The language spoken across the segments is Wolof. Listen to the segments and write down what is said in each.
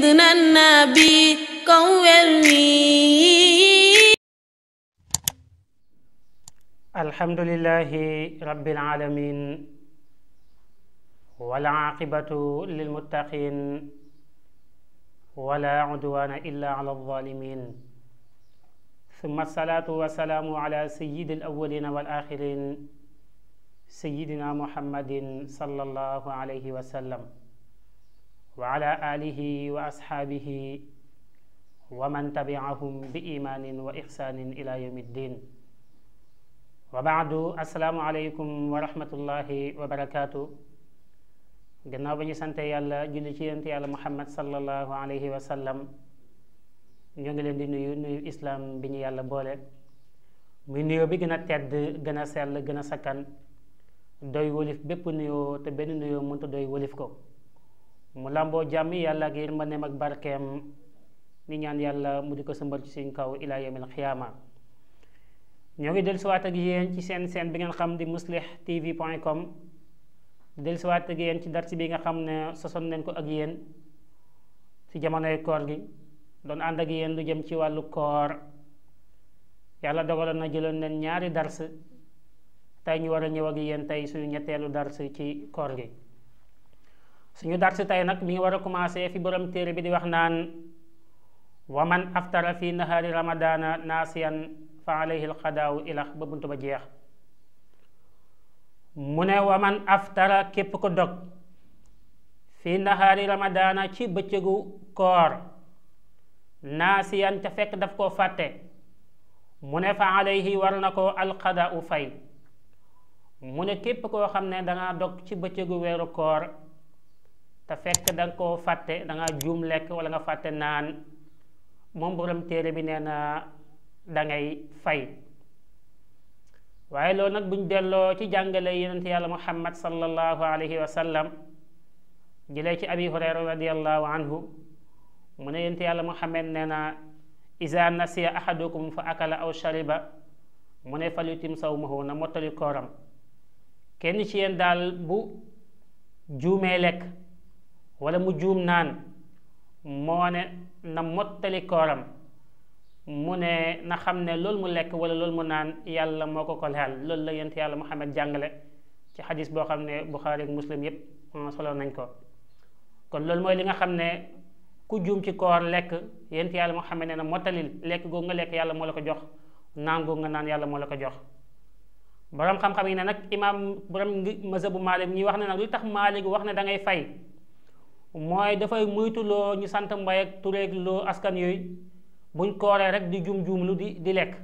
سيدنا النبي كوّر لي الحمد لله رب العالمين والعاقبة للمتقين ولا عدوان إلا على الظالمين ثم الصلاة والسلام على سيد الأولين والآخرين سيدنا محمد صلى الله عليه وسلم wa ala alihi wa ashaabihi wa man tabiahum bi imaanin wa ixsaanin ila yawmi ddin wa baadu asalaamu aleykum wa rahmatullahi wa barakaatu gannaaw ba ñu sante yàlla julli ci yonent yàlla muhammad sallallahu alayhi wa sallam ñoo ngi leen di nuyu islaam bi ñu yàlla boole muy nuyoo bi gën a tedd gën a sell gën a sakkan doy wëlif bépp nuyoo te benn nuyoo doy wëlif ko mu làmboo jàmm yàlla ak yërmandeem ak barkeem ni ñaan yàlla mu di ko sëmbal ci suñ kaw ilaa yawmil xiyaama ñoo ngi dellusiwaat ak yeen ci seen seen bi ngeen xam di muslih tv point com di dellusiwaat ak yéen ci darsi bi nga xam ne sosoon nañ ko ak yéen ci jamonoy koor gi doon ànd ak yéen lu jëm ci wàllu koor yàlla dogaloon na jëloon nañ ñaari dars tey ñu war a ñëw ak yéen tey suñu ñetteelu dars ci koor gi suñu darsu tey nag mi ngi war a commencé fi borom téere bi di wax naan waman man aftara fi nahaari ramadana naasiyan fa alayhi alxadaawu ilax ba bunt ba jeex mu ne wa aftara képp ko dog fi nahaari ramadana ci bëccëgu koor naasiyan te fekk daf koo fàtte mu ne fa alayhi war na ko alxadaawu fay mu ne képp koo xam ne danga dog ci bëccëgu weeru koor te fekk danga nga koo fàtte danga nga juum lekk wala nga fàtte naan moom borom téere bi nee na da fay waaye loolu nag buñ delloo ci jàngale yonent yàlla muhammad sallallahu alayhi wa sallam jëlee ci abi hurayra radiallahu anhu mu ne yonent yàlla muhammad nee na nasiya ahadukum fa akala aw shariba mu ne falyutim sawmahu na mottali kooram kenn ci yéen daal bu juumee lekk wala mu juum naan moo ne na mottali kooram mu ne na xam ne loolu mu lekk wala loolu mu naan yàlla moo ko ko leel loolu la yent yàlla Muhammad jàngale ci xadis boo xam ne Buxaari ak Muslim yépp solo nañ ko kon loolu mooy li nga xam ne ku juum ci koor lekk yent yàlla Muhammad ne na mottalil lekk googu nga lekk yàlla moo la ko jox naan googu nga naan yàlla moo la ko jox borom xam-xam yi ne nag imaam borom mazhabu Maalik ñi wax ne nag lu tax Maalik wax ne da ngay fay mooy dafay moytuloo ñu sant mbay ak tureeg loo askan yooyu buñ kooree rek di juum jumlu di di lekk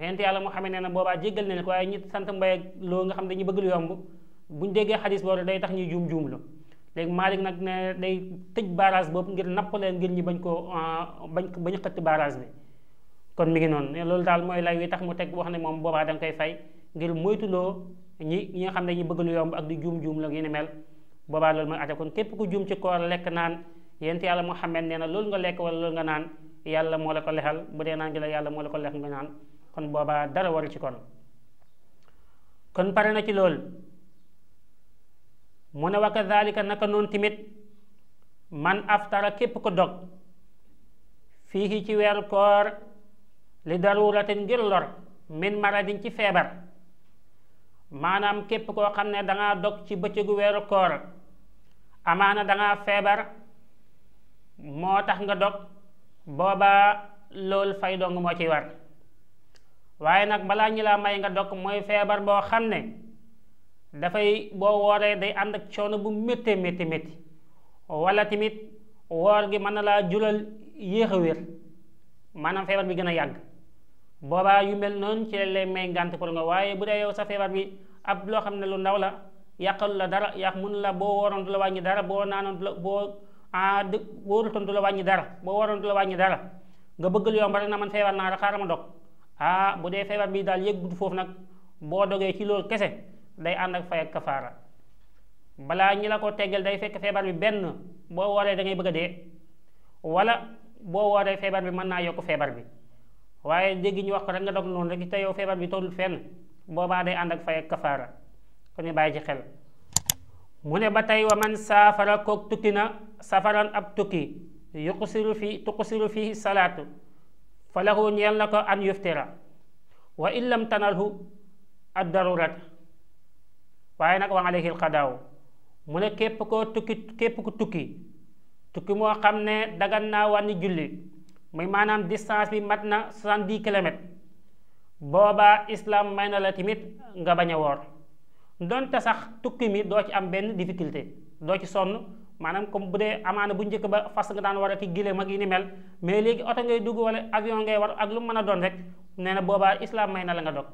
yonent yàlla moo xamee ne na boobaa jéggal na leen waaye ñi sant mbay ak loo nga xam dañuy bëgg lu yomb buñ déggee xadis boobu day tax ñuy juum juumlu léegi Malick nag ne day tëj barrage boobu ngir napp leen ngir ñi bañ koo ah, bañ bañ xëtt barrage bi kon mi ngi noonu loolu daal mooy lay wi tax mu teg wax ne moom boobaa da koy fay ngir muytu moytuloo ñi ñi nga xam ne ñu bëgg lu yomb ak di juum juum la ñu boobaa loolu mooy aja kon képp ku jum ci koor lekk naan yént yàlla Muhammad nee na loolu nga lekk wala loolu nga naan yàlla moo la ko lexal bu dee naan gi la yàlla moo la ko lex nga naan kon boobaa dara waru ci kon kon pare na ci lool mu ne wa kadalika naka noonu timit man aftara képp ko dog fii ci weeru koor li daruratin ngir lor min maradin ci feebar maanaam képp koo xam ne dangaa dog ci bëccëgu weeru koor amaana dangaa feebar moo tax nga dog booba loolu fay dong moo ciy war waaye nag balaa ñu laa may nga dog mooy feebar boo xam ne dafay boo wooree day ànd ak coono bu méttee métti métti wala tamit woor gi mën na laa jural yéex a wér maanaam feebar bi gën a yàgg boobaa yu mel noonu ci lay may ngànt pour nga waaye bu dee yow sa feebar bi ab loo xam ne lu ndaw la yàqalu la dara yàq mun la boo waroon du la wàññi dara boo naanoon la boo ah dë boo rutoon la wàññi dara boo waroon du la wàññi dara nga bëgg lu yomb rek na man feebar naa rek xaaral ma dog ah bu dee feebar bi daal yëg foofu nag boo dogee ci loolu kese day ànd ak fay ak kafaara balaa la ko teggal day fekk feebar bi benn boo wooree da ngay bëgg a dee wala boo wooree feebar bi mën naa yokk feebar bi waaye dégg ñu wax ko rek nga dog noonu rek te yow feebar bi tollul fenn boobaa day ànd ak fay ak kafaara ku ne bàyyi ci xel mu ne ba tey wa saafara kook tukki na safaran ab tukki yuqsiru fi tuqsiru fi salaatu falahu ñeel na ko an yuftira wa in lam tanalhu ad waaye nag wa alayhi alqadaaw mu ne képp koo tukki képp ku tukki tukki moo xam ne dagan naa wàññi julli muy maanaam distance bi mat na 70 kilomètres boobaa islam may na la tamit nga bañ a woor donte sax tukki mi doo ci am benn difficulté doo ci sonn maanaam comme bu dee amaana bu njëkk ba fas nga daan war a ki gileem ak yi ni mel mais léegi oto ngay dugg wala avion ngay war ak lu mën a doon rek nee na boobaa islaam may na la nga dog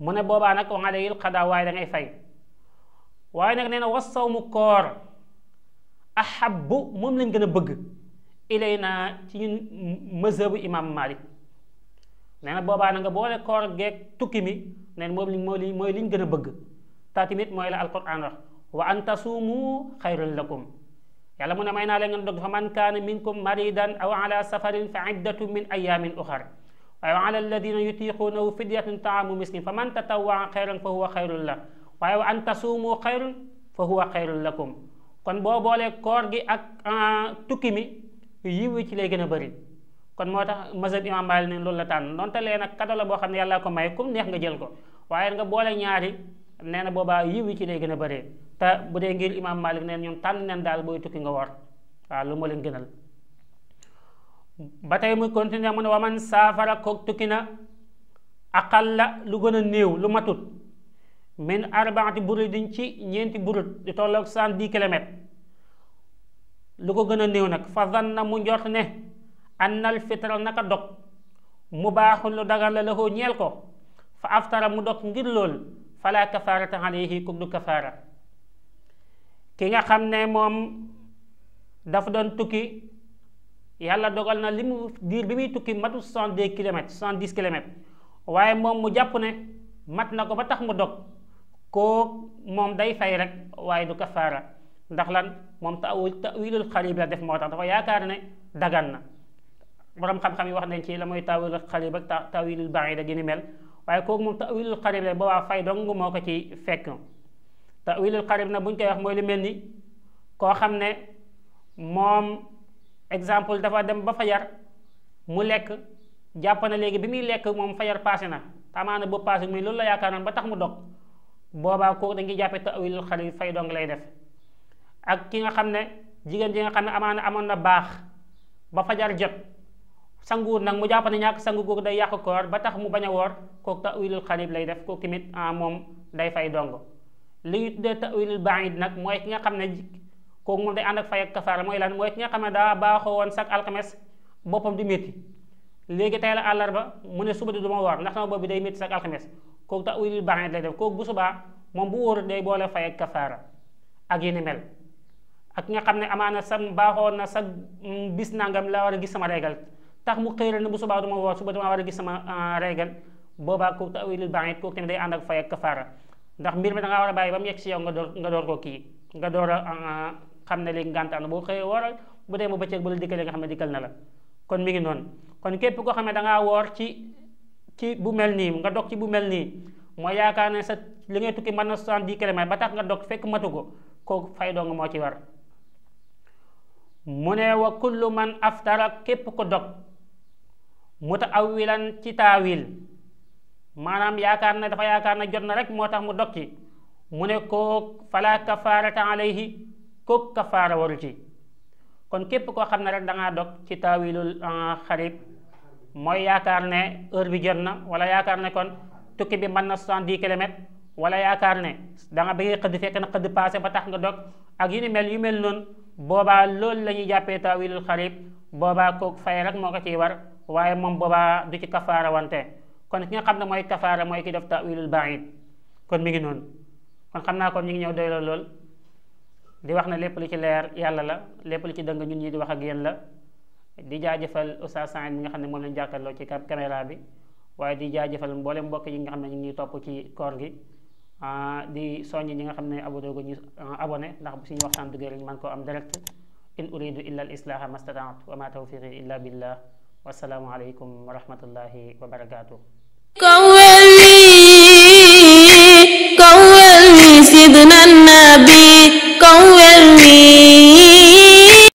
mu ne boobaa nag wax nga yil xadaa waaye da ngay fay waaye nag nee na was saw mu koor ahabbu moom lañ gën a bëgg ilay naa ci ñun mazhabu imam malik nee na boobaa na nga boole koor geeg tukki mi neen moom li moo li mooy liñ gën a bëgg ta tamit mooy la alquran wax wa an tasuumu xayrun lakum yàlla mu ne may naa leen ngeen dog fa man kaana minkum maridan aw ala safarin fa iddatu min ayamin uxar waaye wa ala alladina yutiquunahu fidyatun taamu miskin fa man tatawaa xayran fa huwa xayrun la waaye wa an tasuumu xayrun fa huwa xayrun lakum kon boo boolee koor gi ak ah, tukki mi yiw ci lay gën a bëri kon moo tax mazhab imam Maalik ne loolu la tànn donte lee nag kado la boo xam ne yàlla ko may kum neex nga jël ko waaye nga boole ñaari nee na boobaa yiw yi ci lay gën a bëree te bu dee ngir imam Maalik neen ñun tànn neen daal booy tukki nga war waaw lu ma leen gënal ba tey muy continuer mu ne waman saafara kook tukki na aqal la lu gën a néew lu matut min arbaati buridin ci ñeenti burut di tolloog cent dix kilomètres lu ko gën a néew nag fa mu njort ne annal fitra naka dog mu baaxul lu dagar la ko ñeel ko fa aftara mu dog ngir lool fala kafaarata alayhi kub du kafaara ki nga xam ne moom dafa doon tukki yàlla dogal na li mu diir bi muy tukki matu soixante-deux kilomètres soixante-dix kilomètres waaye moom mu jàpp ne mat na ko ba tax mu dog koo moom day fay rek waaye du kafaara ndax lan moom ta tawilul xarib la def moo tax dafa yaakaar ne dagan na borom xam-xam yi wax nañ ci la mooy tawilul xarib ak tawilul yi da gini mel waaye kooku moom tawilul xarib la boobaa fay dong moo ko ci fekk tawilul xarib nag bu ñu koy wax mooy lu mel ni koo xam ne moom exemple dafa dem ba fajar mu lekk jàpp na léegi bi muy lekk moom fajar passé na tamaana boobu passé muy loolu la yaakaar yaakaaroon ba tax mu dog boobaa kooku dañuy jàppe tawilul xarib fay dong lay def ak ki nga xam ne jigéen ji nga xam ne amaana amoon na baax ba fajar jot sanguwut nag mu jàpp ne ñàkk sangu googu day yàq koor ba tax mu bañ a woor kooku tawilul xarib lay def kooku tamit ah, moom day fay dong li ñu tuddee tawilul baid nag mooy ki nga xam ne kooku moom day ànd ak fay ak mooy lan mooy ki nga xam ne daa baaxoo woon sax alxames boppam di métti léegi tey la àllarba mu ne suba di du ma woor ndax sama bopp bi day métti sax alxames kooku tawilul baid lay def kooku bu subaa moom bu wóorut day boole fay ak kafaara ak yéen mel. ak ki nga xam ne amaana sa baaxoon na sax mm, bis nangam la war a gis sama régal tax mu xëyal ne bu subaa duma woor suba dama war a gis sama ah, régal boobaa kook tawilul baid kooku tamit day ànd ak fay ak kafaara ndax mbir mi da war a bàyyi ba mu yegg si yow nga door nga door ko kii nga door a ah, xam ne léegi ngànt am na boo xëyee wooral bu dee mu bëccëg bu la dikkalee nga xam ne dikkal na la kon mi ngi noonu kon képp koo xam ne dangaa woor ci ci bu mel nii nga dog ci bu mel nii mooy yaakaar ne sa li ngay tukki mën na 70 kilomètres ba tax nga dog fekk matu ko kooku fay dong moo ci war mu ne wa kullu man aftara képp ko dog mu tax aw wilan ci taawil maanaam yaakaar ne dafa yaakaar na jot na rek moo tax mu dog ci mu ne kook fala lay alayhi kook kafaara waru ci kon képp koo xam ne rek da dog ci taawilul ah, xarib mooy yaakaar ne heure bi jot na wala yaakaar ne kon tukki bi man na soixante di kilomètres wala yaakaar ne da nga bëgg xëdd fekk na xëdd passé ba tax nga dog ak yu ni mel yu mel noonu boobaa loolu la ñuy jàppee taawilul xarib boobaa kook fay rek moo ko ciy war waaye moom boobaa du ci kafaara wante kon ki nga xam ne mooy kafaara mooy ki def tawilul baid kon mi ngi noonu kon xam naa kon ñu ngi ñëw doyloo lool di wax ne lépp lu ci leer yàlla la lépp lu ci dëng ñun ñi di wax ak yéen la di jaajëfal Oustaz Sane mi nga xam ne moom lañ jàkkaarloo ci caméra bi waaye di jaajëfal mboolem mbokk yi nga xam ne ñu ngi ñuy topp ci koor gi ah, di soññ ñi nga xam ne abodoogo ñu ah, abonné ndax bu suñu waxtaan duggee rek man koo am direct in uridu illa al islaha mastata'tu wa wasalaamualeykum wa rahmatullahi wa barakaatu كول لي سيدنا النبي كول لي